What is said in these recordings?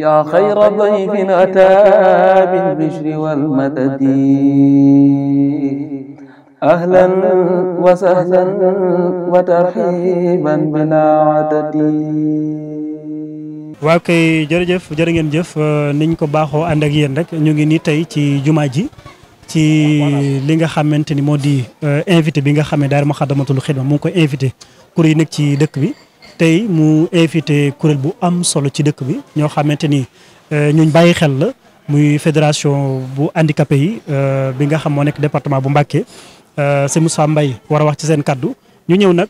yaa xayra dayfin ataa bil bishri wal madadi ahlan wa sahlan wa tarxiiban bilaa adadi. waaw kay jërëjëf jërë ngeen jëf euh, niñ ko baaxoo ànd ak yéen rek ñu ngi nii tey ci jumaa ji. ci li nga xamante ni moo di euh, invité bi nga xam ne daayira Moukhaddamatoul Khidma mu ngi ko invité kuréel yi nekk ci dëkk bi. tey mu invité kuréel bu am solo ci dëkk bi ñoo xamante ni euh, ñuñ bàyyi xel la muy fédération bu handicapé yi euh, bi nga xam moo nekk département bu Mbacké euh, si Moussa Mbaye war a wax ci seen kaddu ñu ñëw nag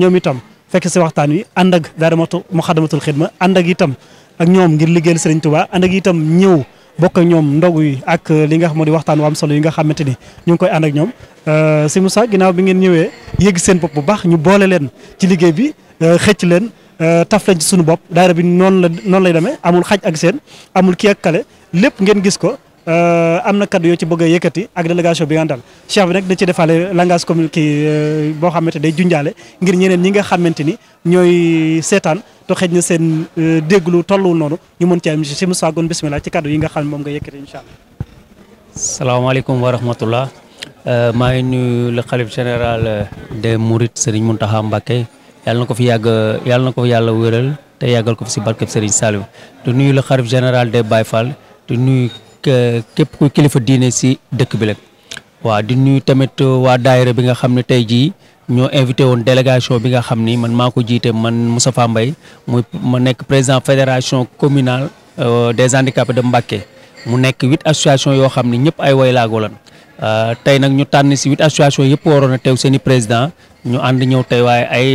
ñoom itam fekk si waxtaan wi ànd ak daara Moukhaddamatoul Khidma ànd ak itam ak ñoom ngir liggéeyal Serigne Touba ànd ak itam ñëw bokk ak ñoom ndogu yi ak li nga xam moo di waxtaan wu am solo yi nga xamante ni ñu ngi koy ànd ñoom si Moussa ginnaaw bi ngeen ñëwee yëgg seen bopp bu baax ñu boole leen ci liggéey bi. Euh, xëcc leen euh, taf leen ci suñu bopp daayira bi noonu la noonu lay demee amul xaj ak seen amul kii ak kale lépp ngeen gis ko euh, am na kaddu yoo ci bëgg a yëkkati ak délégation bi nga dal cheikh bi nag da ci defaale langage commune kii boo xamante day junjaale ngir ñeneen ñi nga xamante ni ñooy seetaan to xëj na seen déglu tolluwul noonu ñu mën ci am si Moussa Gone bisimilah ci kaddu yi nga xam moom nga yëkkati incha allah. salaamaaleykum wa rahmatullah maa ngi nuyu le xalif général des Mourides Serigne Mountakha Mbacké. yàlla na ko fi yàgg yàlla na ko yàlla wéral te yàggal ko fi si barkeb Serigne Saliou di nuyu le xarif général de Baye Fall di nuyu képp ku kilifa diine si dëkk bi rek. waaw di nuyu tamit uh, waa daayira bi nga xam ne tey jii ñoo invité woon délégation bi nga xam ni man maa ko jiite man Moustapha mbay mu ma nekk président fédération communale uh, des handicapés de Mbacké mu nekk huit association yoo xam ne ñëpp ay waylaago lan uh, tey nag ñu tànn si huit association président ñu ànd ñëw tey waaye ay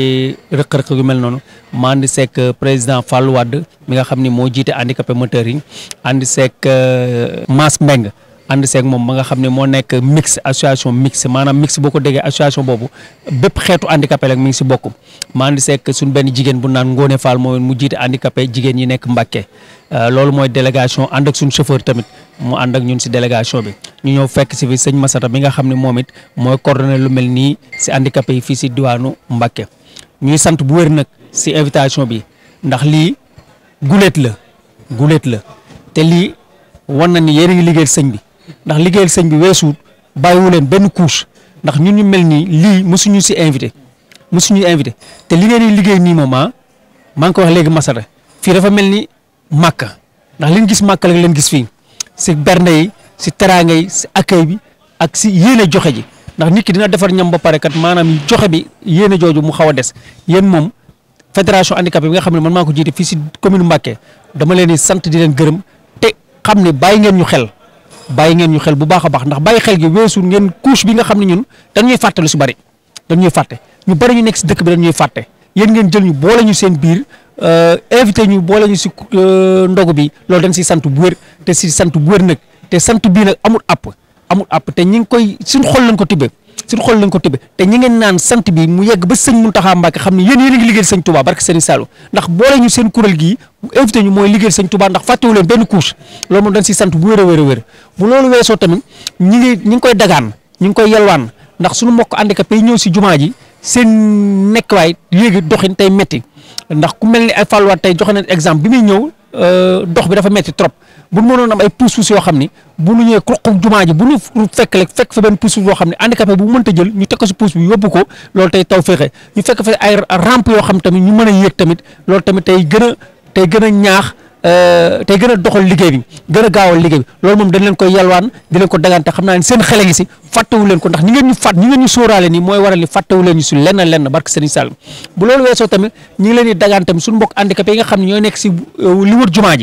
rëq-rëq yu mel noonu ma ànd seeg euh, président Fallou Wade mi nga xam ni moo jiite handicapé moteur yi ànd seeg euh, Mass Mbeng ànd seeg moom ma nga xam ne moo nekk mix association mix maanaam mix boo ko déggee association boobu bépp xeetu handicapé rek mi ngi si bokk ma ànd seeg suñ benn jigéen bu naan ngoone Fall moo mu jiite handicapé jigéen ñi nekk Mbàkke euh, loolu mooy délégation ànd ak suñ chauffeur tamit mu ànd ak ñun si délégation bi ñu ñëw fekk si fi sëñ Masata mi nga xam ne moom it mooy coordonné lu mel nii si handicapé yi fii si diwaanu Mbacké ñuy sant bu wér nag si invitation bi ndax lii guléet la guléet la te lii wan na ni yéen a ngi liggéeyal sëñ bi ndax liggéeyal sëñ bi weesuut bàyyiwu leen benn couche ndax ñun ñu mel nii lii mosuñu si invité mosuñu invité te li ngeen liggéey nii moom ah maa ngi ko wax léegi Masata fii dafa mel ni màkk ndax leen gis makk la leen gis fii si bernde yi si teraangay si accueil bi ak si yéene joxe ji ndax nit ki dina defar ñam ba pare kat maanaam joxe bi yéene jooju mu xaw a des yéen moom fédération handicapé bi nga xam ne man maa ko jiite fii si commune Mbacké dama leen di sant di leen gërëm te xam ne bàyyi ngeen ñu xel bàyyi ngeen ñu xel bu baax a baax ndax bàyyi xel gi weesu ngeen couche bi nga xam ne ñun dañuy fàtte lu si bari dañuy fàtte ñu bari ñu nekk si dëkk bi dañuy fàtte yéen ngeen jël ñu boole ñu seen biir euh, invité ñu boole ñu si euh, ndogu bi loolu dañ siy sant bu wér si sant bu wér nag te sant bii nag amul àpp amul àpp te ñi ngi koy suñ xol lañ ko tibbee suñu xol lañ ko tibbee te ñi ngeen naan sant bi mu yegg ba sëñ Mountakha Mbacké xam ni yéen yéen a ngi liggéey sëñ Touba barke seen Saliou ndax boole ñu seen kuréel gii invité ñu mooy liggéey sëñ Touba ndax fàttewu leen benn couche loolu moom dañ siy sant bu wér a wér a wér bu loolu weesoo tamit ñi ngi ñi ngi koy dagaan ñi ngi koy yelwaan ndax suñu mbokk handicapé yi ñëw si jumaa ji seen nekkuwaay léegi doxin tey metti ndax ku mel ni ay fàlluwaat tey joxe na exemple bi muy ñëw euh, dox bi dafa metti trop bu ñu mënoon am ay pousse-pousse yoo xam ni bu ñu ñëwee kooku jumaa ji bu ñu fekk rek fekk fa benn pousse xam ne handicapé bu mënta jël ñu teg ko si pousse bi yóbbu ko loolu tey taw féexe ñu fekk fa ay rampe yoo xam tamit ñu mën a yéeg tamit loolu tamit tey gën a tey gën a ñaax euh, tey gën a doxal liggéey bi a gaawal liggéey bi loolu moom dañ leen koy yalwaan di leen ko dagante xam naa ne seen xele ngi si fàttewu leen ko ndax ñi ngeen ñu fàtt ñi ngeen ñu sóoraale nii mooy waral ni fàttewu leen ñu si lenn lenn barke Serigne Sall bu loolu weesoo tamit ne ñooy nekk si euh, li wër jumaa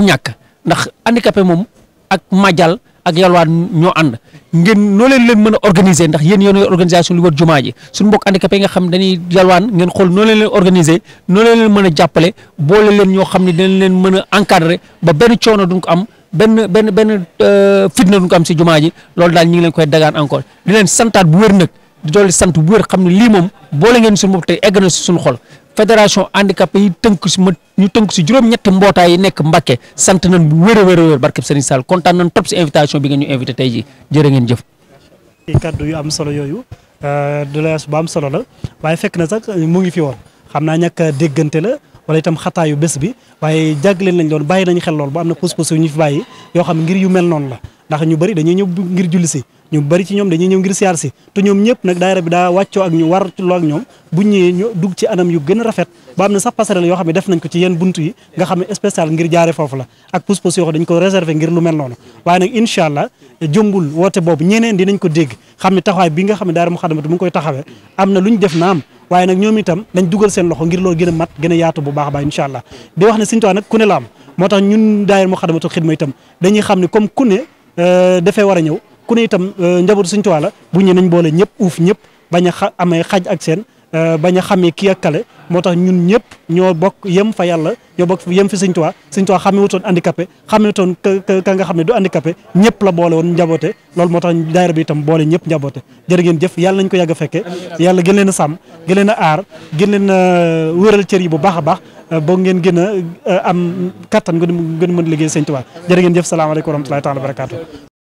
ñàkk ndax handicapé moom ak majal ak yalwaan ñoo ànd ngeen noo leen leen mën a organiser ndax yéen yéen organisation lu war jumaa ji suñu mbokk handicapé yi nga xam dañuy yalwaan ngeen xool noo leen leen organiser noo leen mën jàppale boole leen ñoo xam ne dañ leen mën a encadrer ba benn coono duñ am benn benn benn euh, fitna duñ ko am si jumaa ji loolu daal ñu ngi leen koy dagaan encore di leen santaat bu wér nag di doole sant bu wér xam ne lii moom boole ngeen suñu bopp tey egg na si suñu xol fédération handicapé yi tënk si ma ñu tënk si juróom-ñetti mbootaay yi nekk Mbacké sant nañ bu wér a wér a wér barkeb Serigne Sall kontaan nañ trop si invitation bi ngeen ñu invité tey ji jërë ngeen jëf. kaddu yu am solo yooyu euh, doléance bu am solo la waaye fekk na sax mu ngi fi woon xam naa ñàkk a déggante la wala itam xataayu bés bi waaye jàgg leen lañ loon bàyyi nañ xel lool ba am na pousse pousse yu ñu fi bàyyi yoo xam ngir yu mel noonu la. ndax ñu bëri dañuy ñëw ngir julli si ñu bëri ci ñoom dañuy ñëw ngir siyaar si te ñoom ñëpp nag daayira bi daa wàccoo rafet ba am na sax passerelle yoo xam def nañ ko ci xam ne spécial bi nga xam ne daayira Moukhaddamatoul mu ngi koy taxawee am na lu ñu def na waaye nag ñoom itam dañ dugal seen loxo ngir loolu gën a mat gën a yaatu bu baax a baax incha allah di wax ne Sëriñ Tuubaa nag ku ne la am moo tax ñun daayira Moukhaddamatoul Khidma itam dañuy xam ne comme ku Euh, dafee war a ñëw ku itam euh, njabootu Sëñ Tuubaa la bu ñëwee nañ boole ñëpp uuf ñëpp bañ a amee xaj ak seen Euh, bañ a xamee ki ak kale moo tax ñun ñëpp ñoo bokk yem fa yàlla ñoo bokk yem fi sëñ Tuubaa sëñ Tuubaa xamee wutoon handicapé xamee wutoon ka nga xam ne du handicapé ñëpp la boole woon njaboote loolu moo tax daayira bi tam boole ñëpp njaboote jërë ngeen jëf yàlla nañ ko yàgg a fekke yàlla gën leen a sàmm gën leen aar gën leen a euh, wéral cër yi bu baax a baax euh, ba ngeen gën a am kattan gën a mën liggéey sëñ Tuubaa jërë ngeen jëf salaamaaleykum wa rahmatullaahi taala wa barakaatu